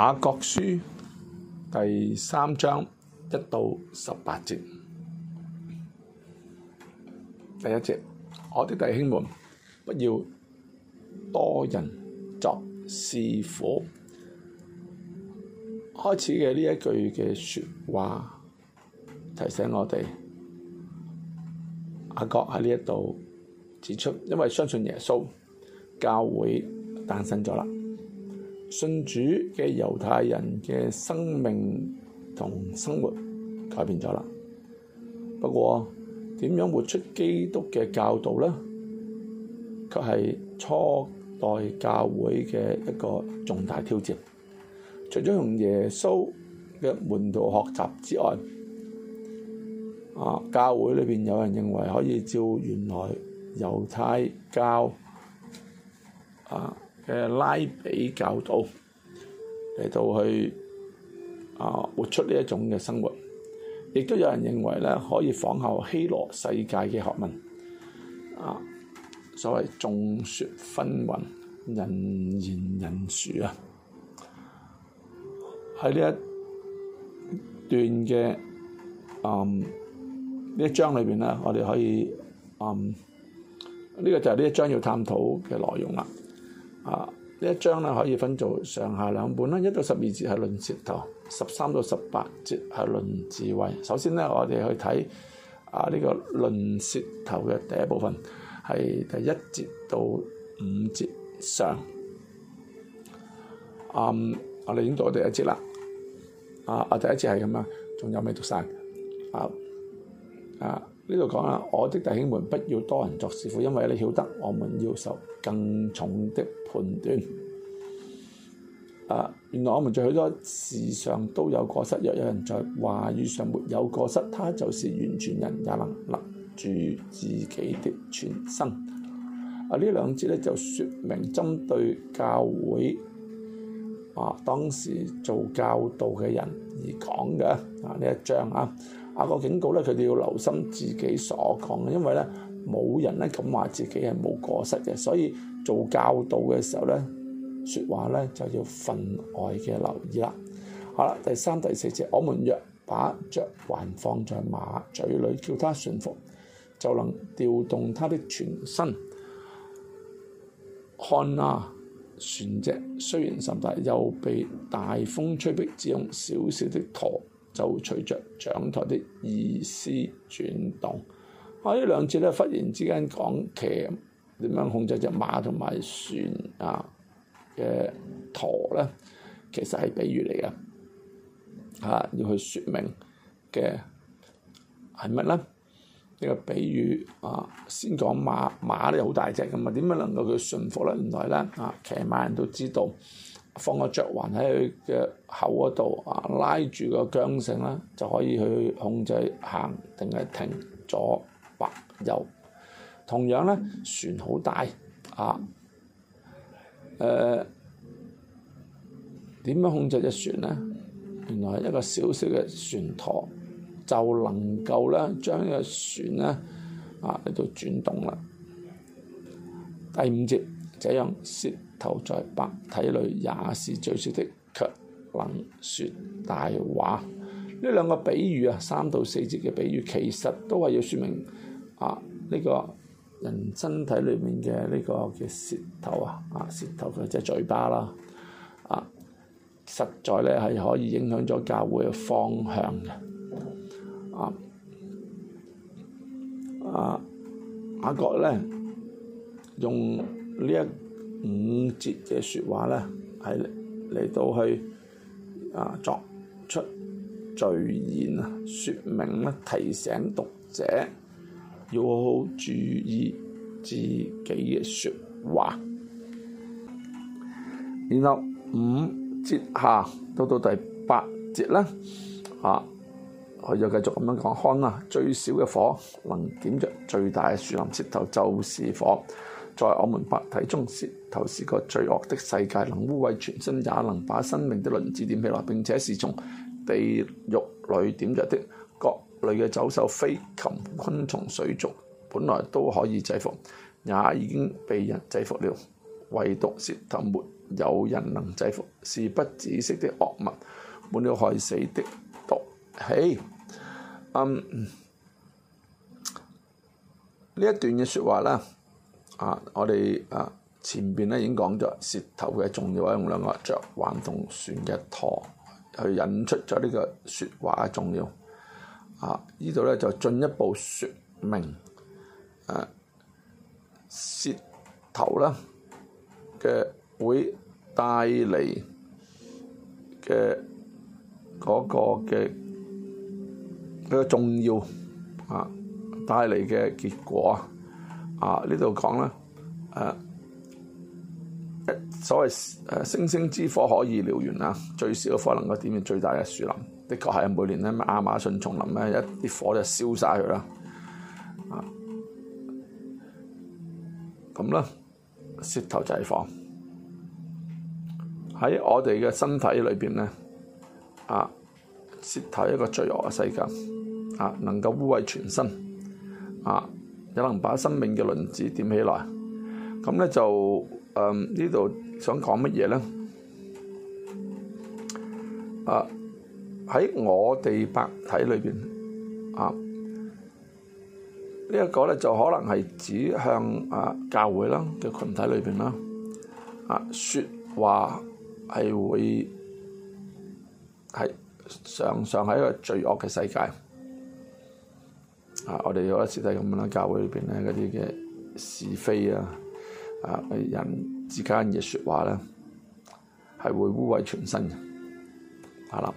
雅各書第三章一到十八節，第一節：我啲弟兄們，不要多人作師傅。開始嘅呢一句嘅説話，提醒我哋，雅各喺呢一度指出，因為相信耶穌，教會誕生咗啦。信主嘅猶太人嘅生命同生活改變咗啦。不過點樣活出基督嘅教導呢？卻係初代教會嘅一個重大挑戰。除咗同耶穌嘅門徒學習之外，啊，教會裏面有人認為可以照原來猶太教啊，嘅拉比教導嚟到去啊，活出呢一種嘅生活，亦都有人認為咧，可以仿效希羅世界嘅學問啊，所謂眾說紛紜，人言人殊啊。喺呢一段嘅嗯呢一章裏邊咧，我哋可以嗯呢個就係呢一章要探討嘅內容啦。啊！呢一章咧可以分做上下兩本啦，一到十二節係論舌頭，十三到十八節係論智慧。首先咧，我哋去睇啊呢個論舌頭嘅第一部分，係第一節到五節上。嗯，我哋已經到第一節啦。啊，我第一節係咁啊，仲有未讀晒？啊啊！呢度講啊，我的弟兄們，不要多人作師傅，因為你曉得我們要受更重的判斷。啊，原來我們在許多事上都有過失，若有人在話語上沒有過失，他就是完全人，也能立住自己的全身。啊，兩呢兩節咧就説明針對教會啊當時做教導嘅人而講嘅啊，呢一章啊啊個警告咧，佢哋要留心自己所講嘅，因為咧。冇人咧咁話自己係冇過失嘅，所以做教導嘅時候咧，説話咧就要分外嘅留意啦。好啦，第三第四節，我們若把嚼環放在馬嘴裏，叫它順服，就能調動它的全身。看啊，船隻雖然甚大，又被大風吹迫，只用小小的舵就隨着掌舵的意思轉動。我呢兩節咧，忽然之間講騎點樣控制隻馬同埋船啊嘅舵咧，其實係比喻嚟嘅嚇，要去説明嘅係乜咧？呢、這個比喻啊，先講馬，馬咧好大隻咁啊，點樣能夠佢馴服咧？原來咧啊，騎馬人都知道放個嚼環喺佢嘅口嗰度啊，拉住個韁繩啦，就可以去控制行定係停咗。停停同樣呢，船好大啊！誒、呃、點樣控制隻船呢？原來一個小小嘅船舵就能夠呢，將隻船呢啊嚟到轉動啦。第五節，這樣舌頭在百體裡也是最小的，卻能説大話。呢兩個比喻啊，三到四節嘅比喻其實都係要説明。啊！呢、這個人身體裏面嘅呢個嘅舌頭啊，啊舌頭嘅即係嘴巴啦。啊，實在咧係可以影響咗教會嘅方向嘅。啊啊，雅各咧用節呢一五節嘅説話咧，係嚟到去啊作出序言啊，説明咧提醒讀者。要好好注意自己嘅説話。然後五節下到到第八節啦，啊，我再繼續咁樣講。看啊，最小嘅火能點着最大嘅樹林，舌頭就是火，在我們百體中，舌頭是個罪惡的世界，能污穢全身，也能把生命的輪子點起來，並且是從地獄裏點着的。類嘅走獸、飛禽、昆蟲、水族，本來都可以制服，也已經被人制服了。唯獨舌頭沒有人能制服，是不止息的惡物，滿了害死的毒氣。嗯，呢一段嘅説話啦，啊，我哋啊前邊咧已經講咗舌頭嘅重要，用兩個着環動船嘅舵去引出咗呢個説話嘅重要。啊！呢度咧就進一步説明，誒、啊、舌頭啦嘅會帶嚟嘅嗰個嘅比較重要啊，帶嚟嘅結果啊，呢度講啦，誒、啊。所謂星星之火可以燎原啦，最小嘅火能夠點燃最大嘅樹林。的確係每年咧咩亞馬遜叢林咧，一啲火就燒晒佢啦。啊，咁咧舌頭就係火喺我哋嘅身體裏邊咧，啊，舌頭一個罪惡嘅世界，啊能夠污穢全身，啊又能把生命嘅輪子點起來。咁咧就誒呢度。嗯想講乜嘢咧？啊，喺我哋白體裏邊，啊，呢、這、一個咧就可能係指向啊教會啦嘅群體裏邊啦。啊，説話係會係常常喺一個罪惡嘅世界。啊，我哋好多時都係咁啦，教會裏面咧嗰啲嘅是非啊，啊嘅人。之間嘅説話咧，係會污穢全身嘅，係啦。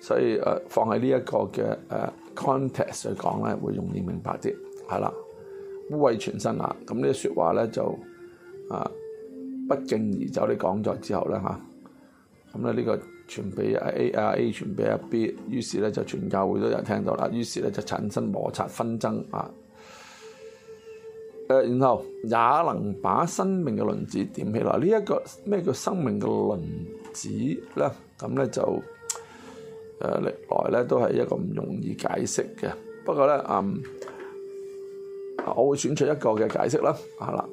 所以誒，放喺呢一個嘅誒 context 去講咧，會容易明白啲，係啦。污穢全身啊，咁呢啲説話咧就啊，不脛而走。你講咗之後咧嚇，咁咧呢個傳俾 A 啊 A 傳俾 B，於是咧就全教會都有聽到啦，於是咧就產生摩擦紛爭啊。然後也能把生命嘅輪子點起來。呢、這、一個咩叫生命嘅輪子呢？咁呢就誒歷來呢都係一個唔容易解釋嘅。不過呢，嗯，我會選取一個嘅解釋啦。嚇啦，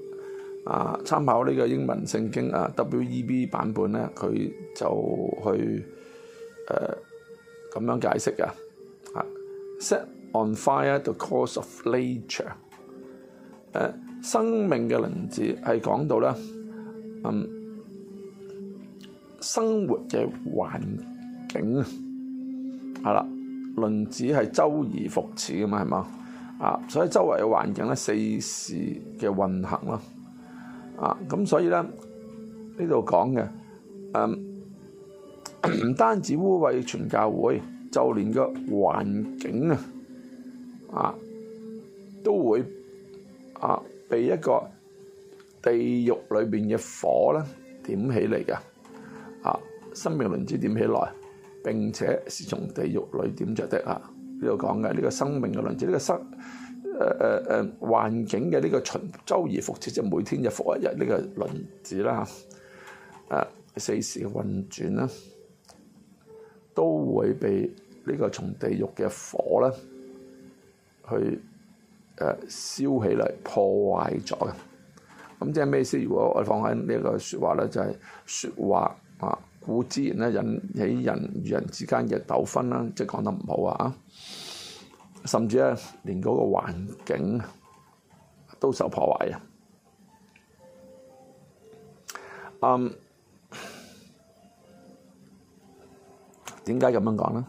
啊，參考呢個英文聖經啊，WEB 版本呢，佢就去誒咁、呃、樣解釋嘅 Set on fire the course of nature。誒生命嘅輪子係講到咧，嗯，生活嘅環境啊，係啦，輪子係周而復始嘅嘛，係嘛，啊，所以周圍嘅環境咧四時嘅運行咯，啊，咁所以咧呢度講嘅，嗯，唔 單止污穢全教會，就連個環境啊，啊，都會。啊！被一個地獄裏邊嘅火咧點起嚟嘅，啊，生命輪子點起來？並且係從地獄裏點着的啊！呢度講嘅呢個生命嘅輪子，呢、這個生誒誒誒環境嘅呢個循週而復始，即係每天日復一日呢個輪子啦，誒、啊、四時運轉啦，都會被呢個從地獄嘅火咧去。誒燒起嚟破壞咗嘅，咁即係咩意思？如果我放喺呢一個説話咧，就係、是、説話啊，固之然咧引起人與人之間嘅糾紛啦，即係講得唔好啊，甚至咧連嗰個環境都受破壞嘅。嗯，點解咁樣講咧？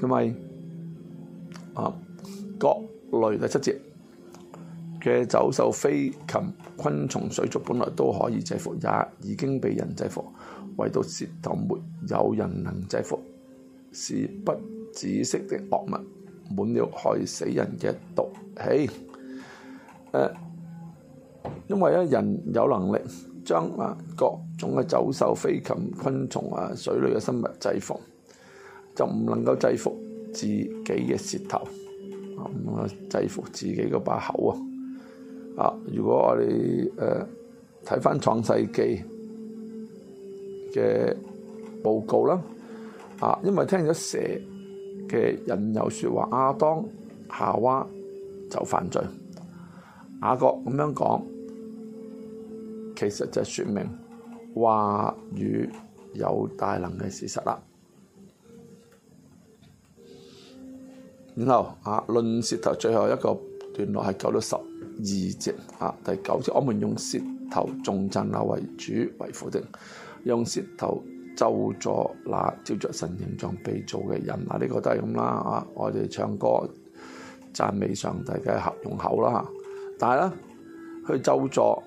咁咪，啊，各類第七節嘅走獸、獸飛禽、昆蟲、水族，本來都可以制服，也已經被人制服，唯獨舌頭沒有人能制服，是不止息的惡物，滿了害死人嘅毒氣。誒、啊，因為咧人有能力將啊各種嘅走獸、飛禽、昆蟲啊、水類嘅生物制服。就唔能夠制服自己嘅舌頭，咁啊制服自己嗰把口啊！啊，如果我哋誒睇翻創世記嘅報告啦，啊，因為聽咗蛇嘅引誘説話，亞當、夏娃就犯罪，雅各咁樣講，其實就説明話語有大能嘅事實啦。然後啊，論舌頭最後一個段落係九到十二節啊，第九節，我們用舌頭頌讚那為主為父的，用舌頭咒詛那照着神形狀被造嘅人，嗱、這、呢個都係咁啦啊，我哋唱歌讚美上帝嘅合用口啦嚇，但係呢，去咒詛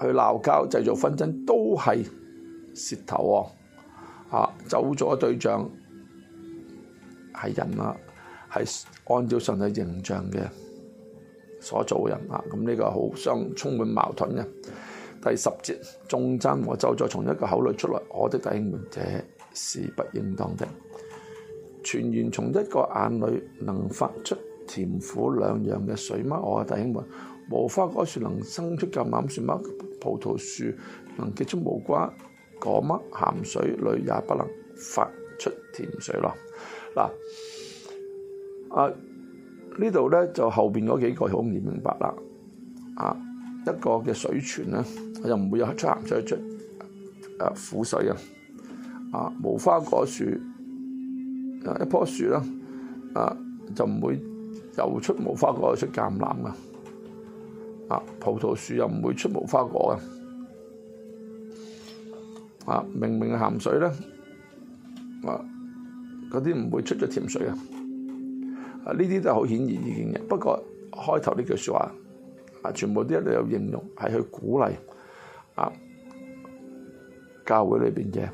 去鬧交製造紛爭都係舌頭喎，啊咒詛嘅對象係人啊。係按照上帝形象嘅所造人啊！咁呢個好像充滿矛盾嘅。第十節中間，我就再從一個口裏出來，我的弟兄們，這是不應當的。泉源從一個眼裏能發出甜苦兩樣嘅水嗎？我嘅弟兄們，無花果樹能生出橄欖樹嗎？葡萄樹能結出無瓜果嗎？鹹水裏也不能發出甜水咯。嗱。啊！這裡呢度咧就後邊嗰幾個好唔明白啦。啊，一個嘅水泉咧，就唔會有出鹹水出誒苦水嘅。啊，無、啊、花果樹啊，一樖樹啦。啊，就唔會又出無花果又出橄欖噶。啊，葡萄樹又唔會出無花果嘅。啊，明明係鹹水咧，啊，嗰啲唔會出咗甜水啊。呢啲、啊、都好顯而易見嘅，不過開頭呢句説話啊，全部都一路有應用，係去鼓勵啊教會裏邊嘅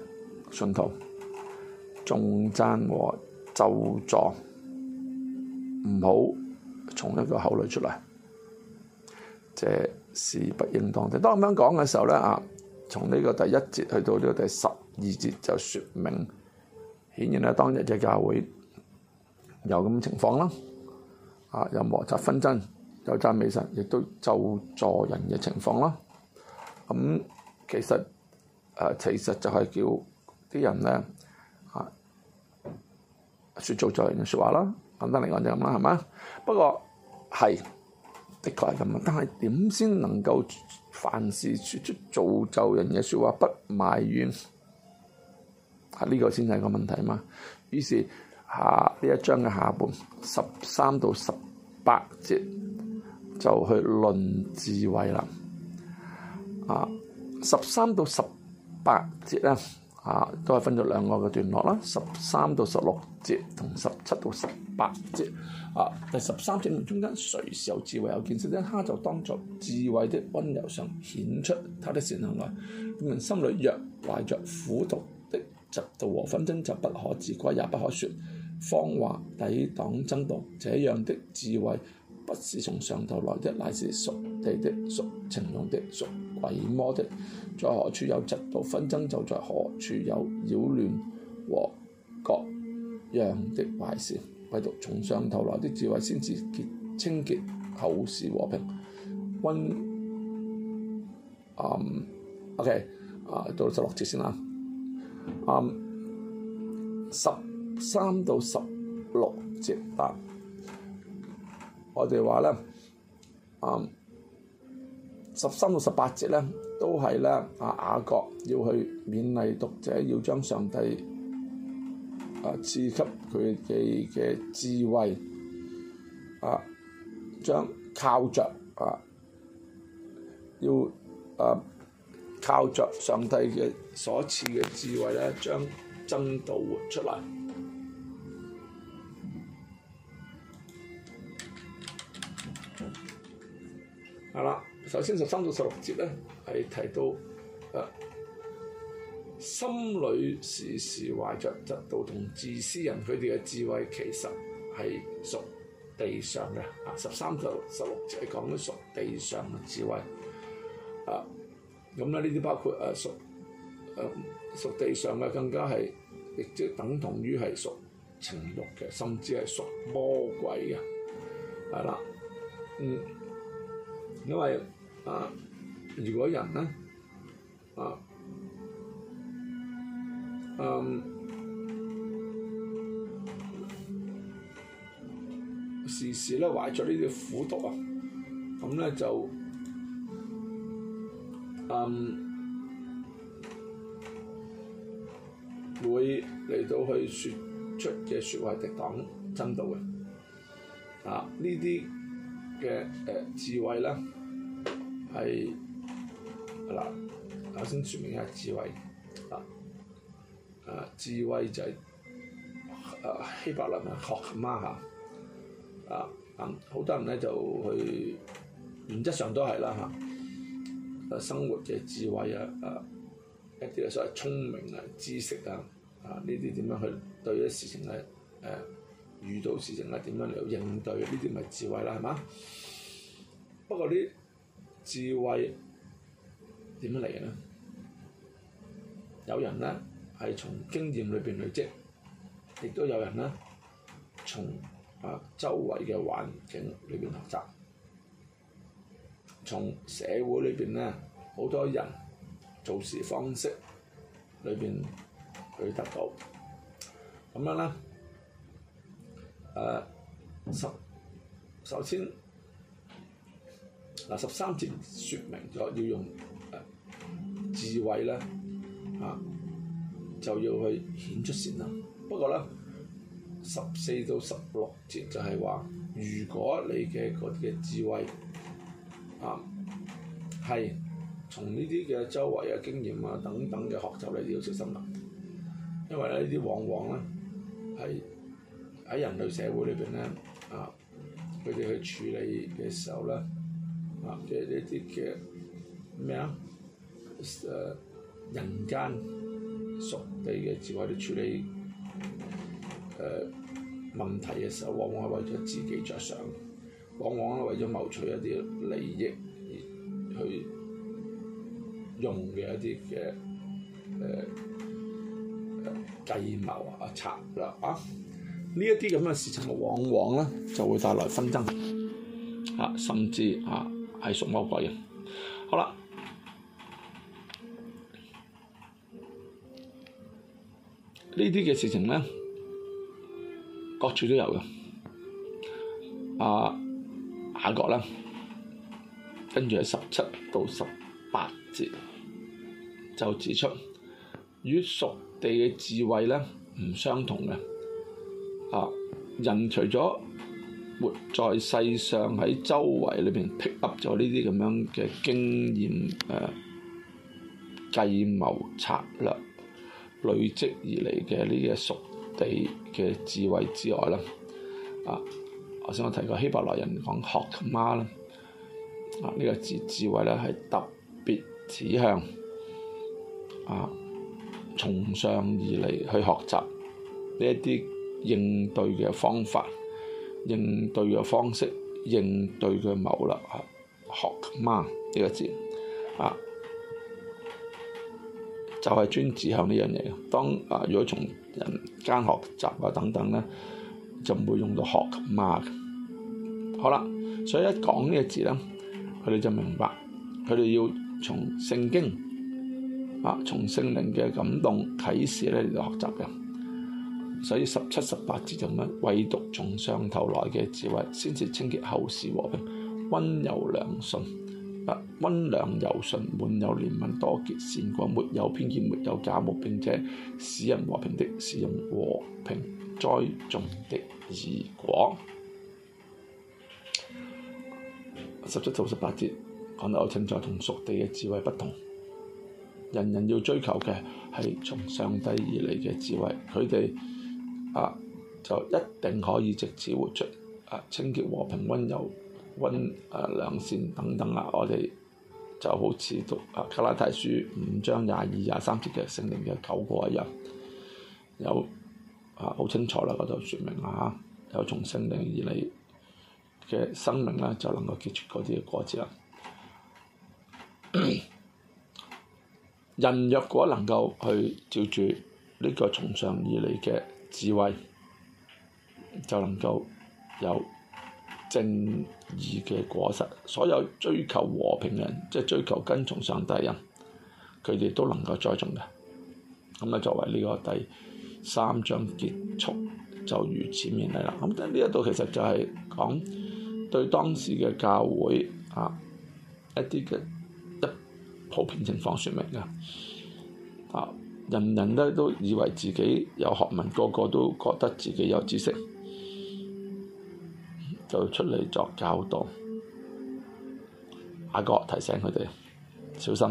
信徒，頌讚和咒詛唔好從一個口裏出嚟，這是不應當的。當咁樣講嘅時候咧，啊，從呢個第一節去到呢個第十二節就説明，顯然咧、啊，當日嘅教會。有咁情況啦，啊，有摩擦紛爭，有讚美神，亦都咒詛人嘅情況啦。咁、嗯、其實誒、呃，其實就係叫啲人咧，啊，説造就人嘅説話啦。簡單嚟講就咁啦，係嘛？不過係的確係咁啊，但係點先能夠凡事説出造就人嘅説話，不埋怨？係、啊、呢、這個先係個問題嘛。於是。下呢一章嘅下半十三到十八節就去論智慧啦。啊，十三到十八節咧，啊都係分咗兩個嘅段落啦。十三到十六節同十七到十八節啊。第十三節中間，誰是有智慧有見識呢？他就當作智慧的温柔上顯出他的善行來。令人心裏若懷着苦毒的嫉妒和紛爭，就不可自誇，也不可説。方話抵擋真道，這樣的智慧不是從上頭來的，乃是屬地的、屬情慾的、屬鬼魔的。在何處有嫉妒紛爭，就在何處有擾亂和各樣的壞事。唯獨從上頭來的智慧，先是清潔，後是和平。温，OK 啊，到十六節先啦，啊，十三到十六節吧，我哋話咧，啊、嗯、十三到十八節咧，都係咧啊雅各要去勉勵讀者，要將上帝啊賜給佢哋嘅智慧啊，將靠着啊，要啊，靠着上帝嘅所賜嘅智慧咧，將真道活出嚟。係啦，首先十三到十六節咧係提到，誒、啊，心裏時時懷着嫉妒同自私人，佢哋嘅智慧其實係屬地上嘅，啊，十三到十六節係講緊屬地上嘅智慧，啊，咁咧呢啲包括誒、啊、屬誒、啊、屬地上嘅，更加係亦即等同於係屬情欲嘅，甚至係屬魔鬼嘅，係啦，嗯。因為啊，如果人咧啊啊、嗯、時時咧懷着呢條苦毒、嗯、啊，咁咧就啊會嚟到去説出嘅説話係敵黨爭到嘅啊呢啲。嘅誒、呃、智慧啦，係嗱，首先説明一下智慧，嗱、啊，誒智慧就係、是、誒、啊、希伯倫、ok、啊學媽嚇，啊咁好多人咧就去原則上都係啦嚇，誒、啊啊、生活嘅智慧啊誒、啊、一啲所謂聰明啊知識啊啊呢啲點樣去對啲事情咧誒？啊遇到事情咧點樣嚟應對？呢啲咪智慧啦，係嘛？不過啲智慧點樣嚟嘅咧？有人咧係從經驗裏邊累積，亦都有人咧從啊周圍嘅環境裏邊學習，從社會裏邊咧好多人做事方式裏邊去得到，咁樣咧。誒首、啊、首先嗱、啊、十三節説明咗要用、呃、智慧咧嚇、啊，就要去顯出善啦。不過咧十四到十六節就係話，如果你嘅啲嘅智慧啊係從呢啲嘅周圍嘅經驗啊等等嘅學習，你要小心啦、啊，因為咧呢啲往往咧係。喺人類社會裏邊咧，啊，佢哋去處理嘅時候咧，啊，即係一啲嘅咩啊，誒，人間熟地嘅，只可以啲處理誒、啊、問題嘅時候，往往係為咗自己着想，往往係為咗謀取一啲利益而去用嘅一啲嘅誒計謀啊、策略啊。呢一啲咁嘅事情，往往咧就會帶來紛爭，啊、啊、甚至啊係屬魔鬼嘅。好啦，呢啲嘅事情咧，各處都有嘅。啊，雅各啦，跟住喺十七到十八節就指出，與屬地嘅智慧咧唔相同嘅。人除咗活在世上喺周圍裏面 pick up 咗呢啲咁樣嘅經驗誒、計謀策略、累積而嚟嘅呢嘅屬地嘅智慧之外啦，啊，頭先我提過希伯來人講學學媽啦，啊呢、這個智智慧咧係特別指向啊從上而嚟去學習呢一啲。應對嘅方法，應對嘅方式，應對嘅謀略。學媽呢個字啊，就係、是、專指向呢樣嘢嘅。當啊，如果從人間學習啊等等咧，就唔會用到學媽嘅。好啦，所以一講呢個字咧，佢哋就明白，佢哋要從聖經啊，從聖靈嘅感動啟示咧嚟到學習嘅。所以十七十八節就係咁樣，唯獨從上頭來嘅智慧，先至清潔後世和平，溫柔良順，啊，溫良柔順，滿有憐憫，多結善果，沒有偏見，沒有假目，並且使人和平的，使人和平栽種的義果。十七到十八節講到天主同屬地嘅智慧不同，人人要追求嘅係從上帝而嚟嘅智慧，佢哋。啊，就一定可以直接活出啊，清潔、和平、温柔、温啊良善等等啊！我哋就好似讀卡 22, 啊《加拉太書》五章廿二廿三節嘅聖靈嘅九個引，有啊好清楚啦，嗰度説明啦、啊、嚇，有從聖靈而嚟嘅生命咧、啊，就能夠結出嗰啲果子啊！ 人若果能夠去照住呢個從上而嚟嘅，智慧就能夠有正義嘅果實，所有追求和平嘅人，即係追求跟從上帝人，佢哋都能夠栽種嘅。咁、嗯、啊，作為呢個第三章結束就如此面嚟啦。咁但係呢一度其實就係講對當時嘅教會啊一啲嘅一普遍情況説明嘅啊。人人都以為自己有學問，個個，個都覺得自己有知識，就出嚟作教導。雅各提醒佢哋小心，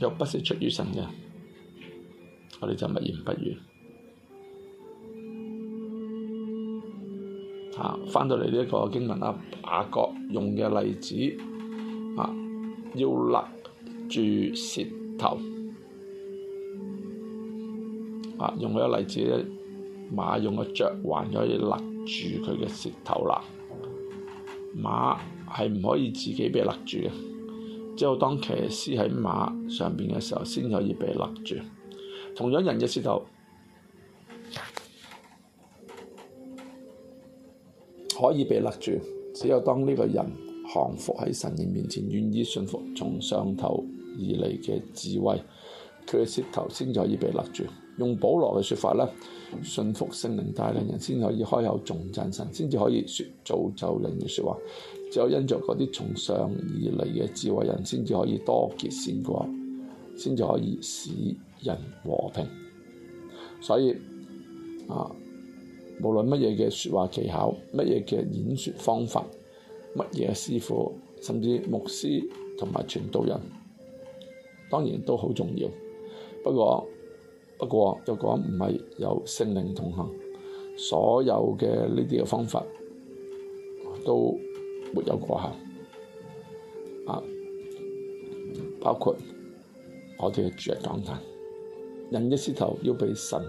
若不是出於神嘅，我哋就勿言不語。啊，翻到嚟呢一個經文啦，雅各用嘅例子啊，要勒住舌頭。啊！用我嘅例子咧，馬用一個嚼環可以勒住佢嘅舌頭啦。馬係唔可以自己被勒住嘅，只有當騎士喺馬上邊嘅時候，先可以被勒住。同樣人嘅舌頭可以被勒住，只有當呢個人降服喺神嘅面前，願意順服從上頭而嚟嘅智慧，佢嘅舌頭先可以被勒住。用保羅嘅説法咧，信服聖靈帶領人先可以開口重讚神，先至可以説造就人嘅説話。只有因着嗰啲從上而嚟嘅智慧人，先至可以多結善果，先至可以使人和平。所以啊，無論乜嘢嘅説話技巧，乜嘢嘅演説方法，乜嘢師傅，甚至牧師同埋傳道人，當然都好重要。不過，不過，若果唔係有聖靈同行，所有嘅呢啲嘅方法都沒有果效。啊，包括我哋嘅主日講壇，人嘅舌頭要畀神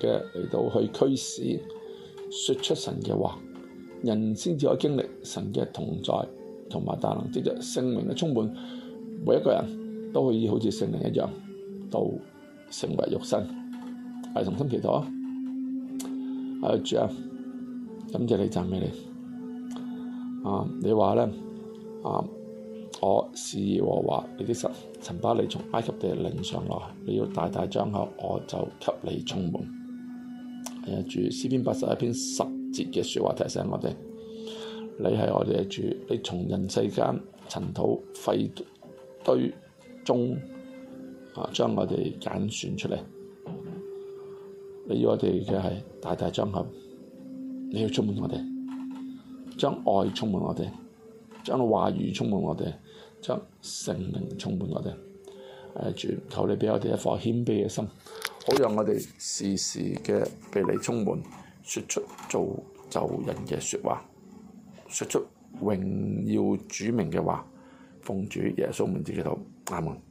嘅嚟到去驅使，説出神嘅話，人先至可以經歷神嘅同在，同埋大能。即係聖靈嘅充滿，每一個人都可以好似聖靈一樣到。成為肉身，係重新祈禱、啊。啊主啊，感謝你讚美你。啊，你話咧啊，我是耶和華，你的神，曾把你從埃及地領上來，你要大大張口，我就給你充滿。係啊，主詩篇八十一篇十節嘅説話提醒我哋，你係我哋嘅主，你從人世間塵土廢堆中，啊！將我哋揀選出嚟，你要我哋嘅係大大張合，你要充滿我哋，將愛充滿我哋，將話語充滿我哋，將聖靈充滿我哋。誒主，求你俾我哋一顆謙卑嘅心，好讓我哋時時嘅被你充滿，説出造就人嘅説話，説出榮耀主名嘅話，奉主耶穌名字祈禱，阿門。